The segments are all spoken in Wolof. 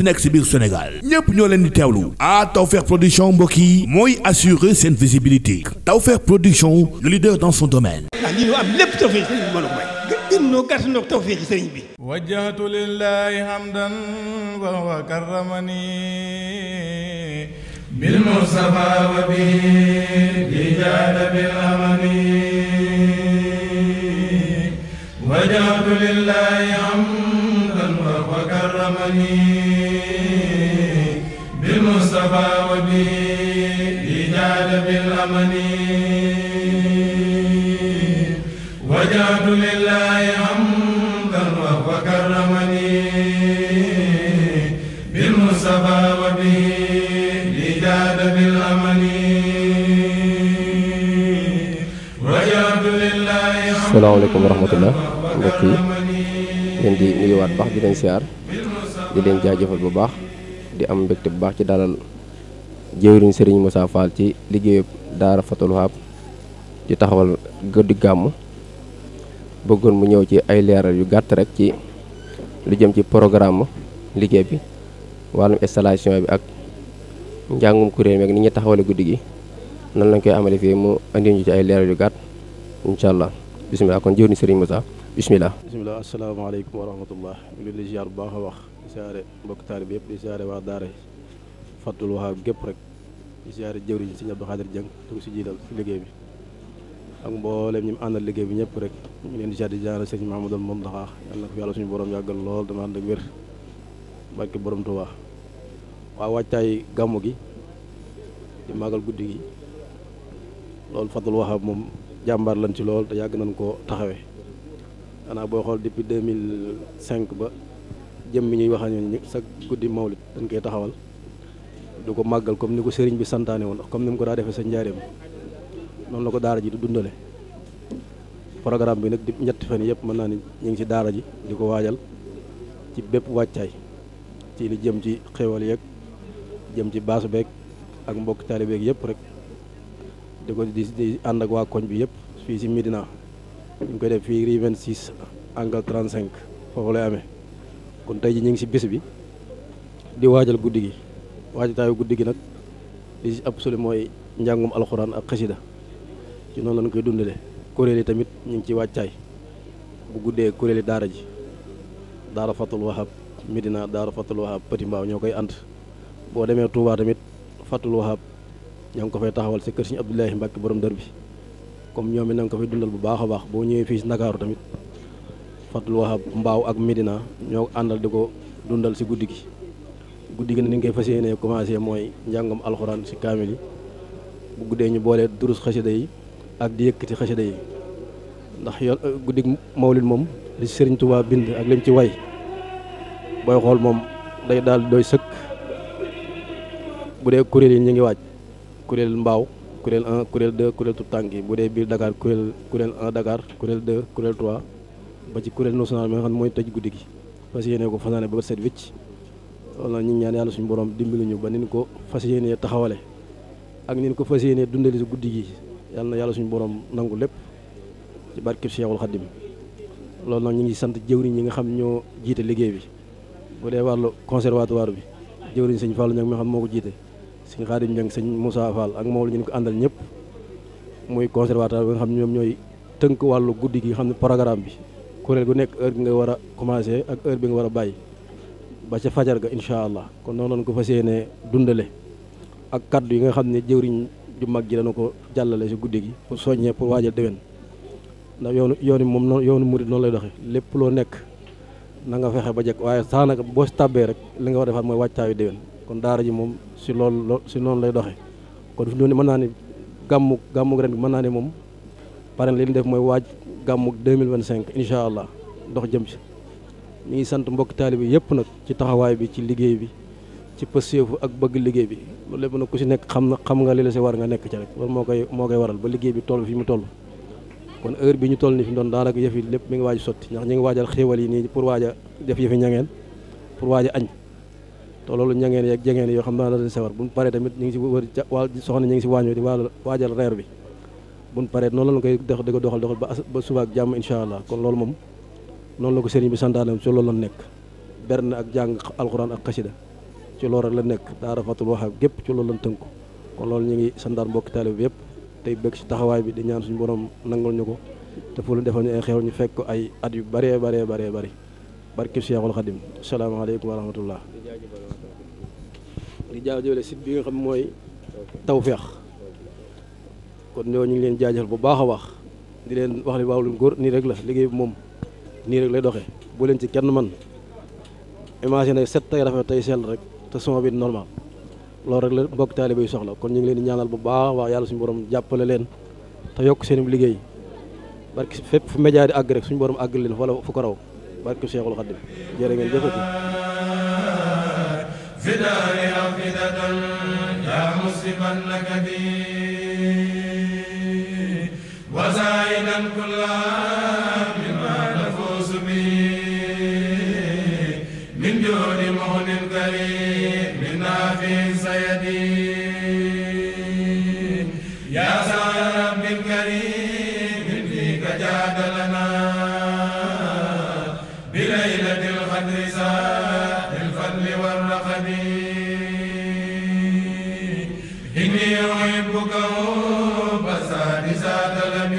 mënti nekk si biir Sénégal ñëpp ñoo leen di teewlu ah Tawfekh production mbokk yi mooy assurer seen visibilité Tawfekh production le leader dans son domaine. ah lii ñu am lépp Tawfekh sëriñ bi mën a may. gën ñoo gàtt ñoo Tawfekh sëriñ bi. wajjahtu lillahi hamdan wa huwa karramani bil Mustafa wa bi li jaada bil amani wajjahtu lillahi hamdan wa huwa karramani أكرمني وجعت لله حمدا وهو كرمني بالمصطفى وبه لجاد بالأمن وجعت لله حمدا السلام عليكم ورحمة الله وبركاته leen di nuyuwaat baax di leen siyaar di leen jaajëfal bu baax di am mbégte bu baax ci dalal jëwriñ sëriñ Moussa Fall ci liggéeyub daara Fatul Wahab di taxawal gëddu gàmm bëggoon mu ñëw ci ay leeral yu gàtt rek ci lu jëm ci programme liggéey bi wàllum installation bi ak njàngum kuréel meeg ni ñu taxawale guddi gi nan lañ koy amale fii mu indi ñu ci ay leeral yu gàtt incha allah bisimilah kon jëwriñ sëriñ Moussa bisimilah. bisimilah asalaamaaleykum wa rahmatullah ñu ngi leen bu baax a wax di mbokk taalibe yëpp di ziare waa daara Fathul Wahab gépp rek di siyaare jëwriñ sëñ Abdou Khadir Dieng di si jiital si liggéey bi ak mboolem ñi mu àndal liggéey bi ñëpp rek ñu leen di siyaare di jaarale sëñ Mahamadou Mountakha yàlla na ko yàlla suñu borom yàggal lool dama ànd ak wér barke borom gàmmu gi màggal guddi gi loolu Fathul Wahab moom jàmbaar lañ ci lool te yàgg nañ koo taxawe xanaa boo xool depuis mille cinq ba jëm mi ñuy wax ak ñun sa guddi mawlit dañ koy taxawal. du ko màggal comme ni ko sëriñ bi santaane woon comme ni mu ko daa defee sa njaareem noonu la ko daara ji di dundale programme bi nag di ñetti fan yëpp mën naa ni ñu ngi ci daara ji di ko waajal ci bépp wàccaay ci li jëm ci xéwal yeeg jëm ci baasu beeg ak mbokk taalibeeg yëpp rek di ko di di ànd ak waa koñ bi yëpp fii ci Médina ñu koy def fii rue 26 angle 35 foofu lay amee kon tey ji ñu ngi ci bis bi di waajal guddi gi waajtaayu guddi gi nag li ci ab soli mooy njàngum alxuraan ak xasida ci noonu lañ koy dundale kuréel yi tamit ñu ngi ci wàccaay bu guddee kuréeli daara ji daara Fatul Wahab Medina daara Fatul Wahab Petit Mbaaw ñoo koy ànd boo demee Touba tamit Fatul Wahab ña ngi ko fay taxawal si kër Sëriñ Abdoulahi Mbàkke borom dër bi comme ñoom it na ko fay dundal bu baax a baax boo ñëwee fii si Ndakaaru tamit Fatul Wahab Mbaaw ak Medina ñoo àndal di ko dundal si guddi gi guddi gi ni ñu koy fas yéenee commencé mooy njàngum alxuraan si kaamil yi guddee ñu boolee durus xasida yi ak di yëkkati xasida yi ndax yoon guddi mawlid moom li Sëriñ Tuubaa bind ak lim ci way booy xool moom day daal doy sëkk bu dee kuréel yi ñu ngi waaj kuréel mbaaw kuréel 1 kuréel 2 kuréel tànk yi bu dee biir Dakar kuréel kuréel 1 Dakar kuréel 2 kuréel 3 ba ci kuréel national bi nga xam ne mooy tëj guddi gi fas yéene ko fanaane ba set wicc loolu nag ñu ngi ñaan yàlla suñu borom dimbali ñu ba ni ko fas yéenee taxawale ak ni ko fas yéenee dundali si guddi gi yàlla na yàlla suñu borom nangu lépp ci barkeb Seexul Xaddim loolu nag ñu ngi sant jëwriñ yi nga xam ñoo jiite liggéey bi bu dee wàllu conservatoire bi jëwriñ sëñ Fallou Niang mi xam moo ko jiite sëñ Xaadim Niang sëñ Moussa Fall ak moom la ñu ko àndal ñëpp muy conservatoire bi nga xam ñoom ñooy tënk wàllu guddi gi nga xam ne programme bi kuréel gu nekk heure bi nga war a commencé ak heure bi nga war a bàyyi ba ca fajar ga incha allah kon noonu lañ ko fas yéenee dundale ak kàddu yi nga xam ne jëwriñ ju mag ji dana ko jàllale si guddi gi pour soññee pour waajal déwén ndax yoonu yoonu moom noonu yoonu murit noonu lay doxe lépp loo nekk nanga fexe ba jekk waaye saa nag boo si tàbbee rek li nga war a defaat mooy waajtaayu déwén kon daara ji moom si loolu si noonu lay doxee kon fi doon mën naa ne gàmmu gàmmu ren bi mën naa ne moom pare leen ñu def mooy waaj gàmmu 2025 incha allah dox jëm si mi ngi sant mbokk taalibe yëpp nag ci taxawaay bi ci liggéey bi ci pëseefu ak bëgg liggéey bi loolu lépp nag ku si nekk xam na xam nga li la si war nga nekk ca rek loolu moo koy moo koy waral ba liggéey bi toll fi toll kon heure bi ñu toll ni doon daanaka yëf mi ngi waaj sotti ndax ñu ngi waajal xéewal yi nii a def yëfi a añ te loolu ñangeen yeeg jangeen yoo xam naa la si war buñ paree tamit ñu ngi koy dox di ko doxal doxal ba suba jàmm incha allah kon loolu moom noonu la ko sëriñ bi santaane ci loolu la nekk berne ak jàng alxuraan ak xasida ci loolu rek la nekk daara fatul waxaab gépp ci loolu lañ tënku kon loolu ñu ngi santaan mbokki taalib bi yëpp tey bëgg ci taxawaay bi di ñaan suñu borom nangul ñu ko te fu lu defal ñu ay xew ñu fekk ko ay at yu bëree bëree bëree bëri barki Seexul Xadim salaamaaleykum wa rahmatullah di jaajëfal site bi nga kon ñoo ñu ngi leen jaajëfal bu baax a wax di leen wax li waaw luñ góor nii rek la liggéey bi moom nii rek lay doxee bu leen ci kenn man imaginer set tey rafet tey sell rek te son bi normal loolu rek la mbokk taalibe yi soxla kon ñu ngi leen di ñaanal bu baax wax yàlla suñu borom jàppale leen te yokk seen liggéey barke fépp fu média di àgg rek suñu borom àgg leen wala fu ko raw barke Cheikhul Khadim jërë ngeen jëfati fidaari am fidatan yaa musiban laka bi wa zaidan kulla بليلة القدر ساح الفضل والرقم إني أحبك حب سادس طلب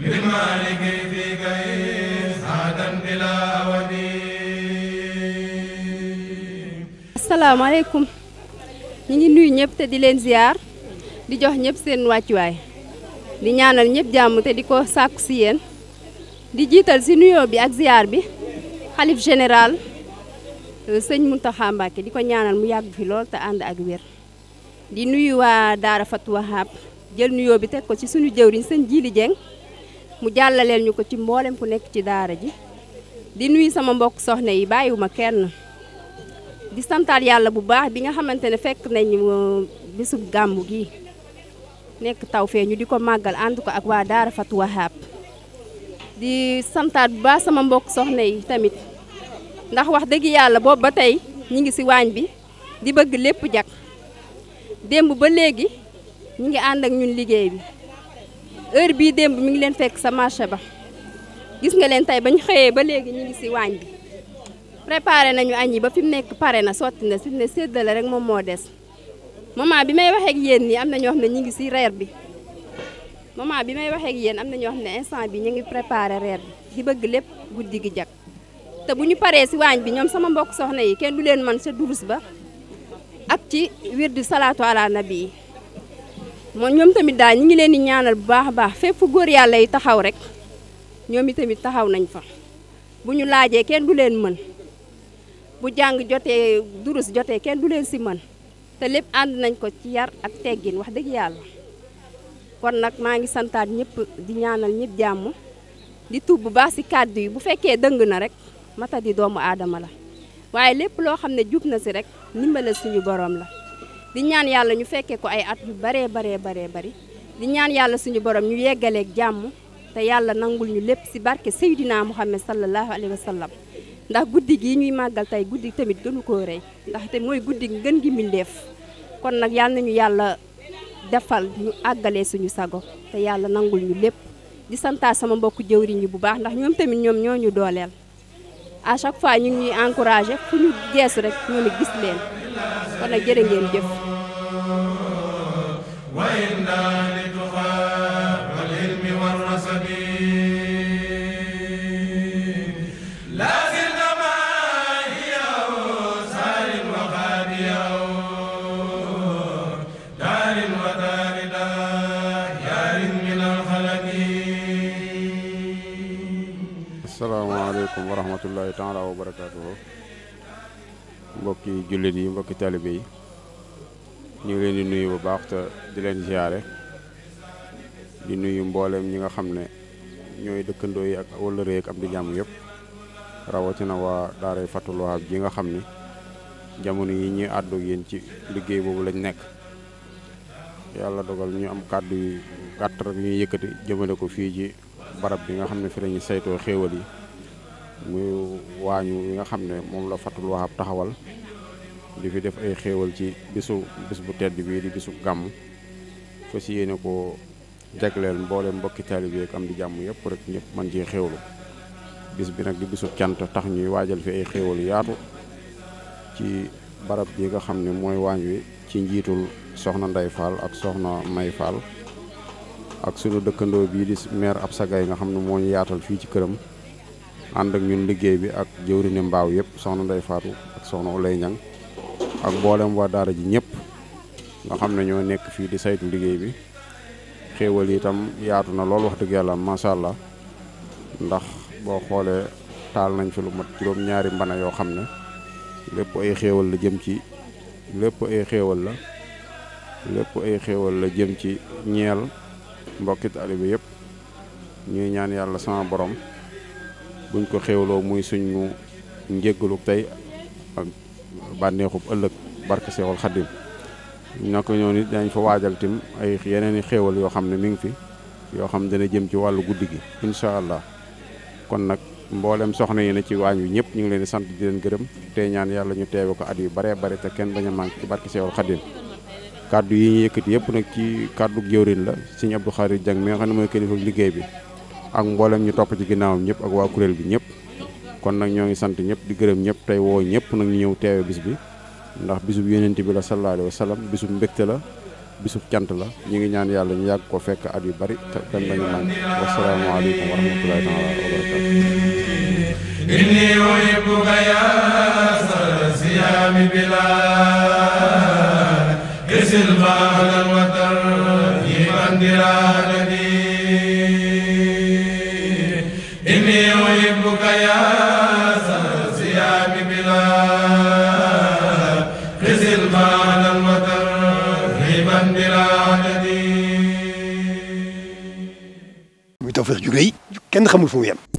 لمالك فيك إسعادا بلا أود السلام عليكم ñu ngi nuyu ñëpp te di leen ziar di jox ñëpp seen wàccuwaay di ñaanal ñëpp jàmm te di ko sàkku si yéen di jiital si nuyoo bi ak ziar bi xalif général euh, sëñ Mountakha Mbacké di ko ñaanal mu yàgg fi lool te ànd ak wér di nuyu waa Daara Fatou Wahab jël nuyoo bi teg ko ci suñu jëwriñ sëñ Jili Dieng mu jàllaleel ñu ko ci mboolem ku nekk ci daara ji di nuyu sama mbokk soxna yi bàyyiwuma kenn di santaat yàlla bu baax bi nga xamante ne fekk nañu euh, bisub gàmmu gi nekk taw fee di ko màggal ànd ko ak waa Daara Fatou Wahab di santaat bu baax sama mbokk soxna yi tamit ndax wax dëgg yàlla boobu ba tey ñu ngi si waañ bi di bëgg lépp jag démb ba léegi ñi ngi ànd ak ñun liggéey bi heure bii démb mi ngi leen fekk sa marché ba gis nga leen tey ba ñu xëyee ba léegi ñu ngi si waañ bi préparé nañu añ yi ba fi mu nekk pare na sotti na fi mu ne séddale rek moom moo des moment bi may waxee ak yéen nii am na ñoo xam ñu ngi si reer bi moment bi may waxeeg ak yéen am na ñoo xam ne instant bi ñu ngi préparé reer bi di bëgg lépp guddi gi jag te bu ñu paree si waañ bi ñoom sama mbokk soxna yi kenn du leen mën sa durus ba ak ci wir di salaatu ala nabi yi moom ñoom tamit daal ñi ngi leen di ñaanal bu baax a baax fépp fu góor yàlla yi taxaw rek ñoom i tamit taxaw nañ fa bu ñu laajee kenn du leen mën bu jàng jotee durus jotee kenn du leen si mën te lépp ànd nañ ko ci yar ak teggin wax dëgg yàlla kon nag maa ngi santaat ñëpp di ñaanal ñëpp jàmm di tuub bu baax si kàddu yi bu fekkee dëng na rek mata di doomu aadama la waaye lépp loo xam ne jub na si rek ndimbale suñu boroom la di ñaan yàlla ñu fekkee ko ay at yu baree baree baree bari di ñaan yàlla suñu borom ñu yeggaleeg jàmm te yàlla nangul ñu lépp si barke Seydina Muhammad sallallahu alayhi wa sallam ndax guddi gii ñuy màggal tey guddi tamit gënu koo rey ndax te mooy guddi gën gi mbindeef defal ñu àggalee suñu sago te yàlla nangul ñu lépp di santaa sama mbokku jëwriñ yi bu baax ndax ñoom tamit ñoom ñoo ñu dooleel à chaque fois ñu ngi ñuy encouragé fu ñu geesu rek ñoo ni gis leen kon nag jërë jëf. asalaamaaleykum wa rahmatullahi taala wa barakaatuhu mbokki jullit yi mbokki talibe yi ñu ngi leen di nuyu bu baax di leen ziare di nuyu mbooleem ñi nga xam ne ñooy dëkkandoo yi ak wëllëre ak am di jàmm yépp rawatina waa daaray Fathul Wahab ji nga xam ni jamono yi ñuy àddu yéen ci liggéey boobu lañ nekk yàlla dogal ñu am kàddu yu gàtt rek ñuy yëkkati jëmale ko fii ci barab bi nga xam ne fi la ñuy saytoo xéewal yi muy waañu yi nga xam ne moom la Fatul Wahab taxawal di fi def ay xéewal ci bisu bis bu tedd bii di bisu gàmm fas yéene ko jagleel mboole mbokki taalibe ak am di jàmm yëpp rek ñëpp mën cee xéewlu bis bi nag di bisu cant tax ñuy waajal fi ay xéewal yaatu ci barab bi nga xam ne mooy waañ wi ci njiitul soxna nday Fall ak soxna May Fall ak sunu dëkkandoo bii di maire Absa Gaye nga xam ne moo ñu yaatal fii ci këram ànd ak ñun liggéey bi ak jëwriñu mbaaw yëpp soxna Ndey Faatu ak soxna lay Ñang ak mboolem waa daara ji ñépp nga xam ne ñoo nekk fii di saytu liggéey bi xéewal itam yaatu na lool wax dëgg yàlla macha allah ndax boo xoolee taal nañ fi lu mat juróom ñaari mbana yoo xam ne lépp ay xéewal la jëm ci lépp ay xéewal la lépp ay xéewal la jëm ci ñeel mbokki taalibe yëpp ñuy ñaan yàlla sama borom buñ ko xéewloo muy suñu njéggalu tey ak bànneexub ëllëg barke Seexul Xaddim naka ñoo nit dañ fa waajal tim ay yeneen i xéewal yoo xam ne mi ngi fi yoo xam dana jëm ci wàllu guddi gi incha allah kon nag mboolem soxna yi ne ci waañ wi ñëpp ñu ngi leen di sant di leen gërëm tey ñaan yàlla ñu teewe ko at yu bare bare te kenn bañ a manqué ci barke Seexul kàddu yi ñu yëkkati yépp nag ci kàddu jëwrin la sëñ Abdou Khadir Dieng mi nga xam ne mooy kilifa liggéey bi ak mboolem ñu topp ci ginnaawam ñëpp ak waa kuréel bi ñëpp kon nag ñoo ngi sant ñëpp di gërëm ñëpp tey woo ñëpp nag ñu ñëw teewe bis bi ndax bisub yonent bi la sallallahu bisu wa la bisub cant la ñu ngi ñaan yàlla ñu yàgg ko fekk at yu bari te kenn bañu naan wasalaamaaleykum wa rahmatullahi taala wa barakatu inni uhibbuka ya siyami bila kenn xamul fu mu yem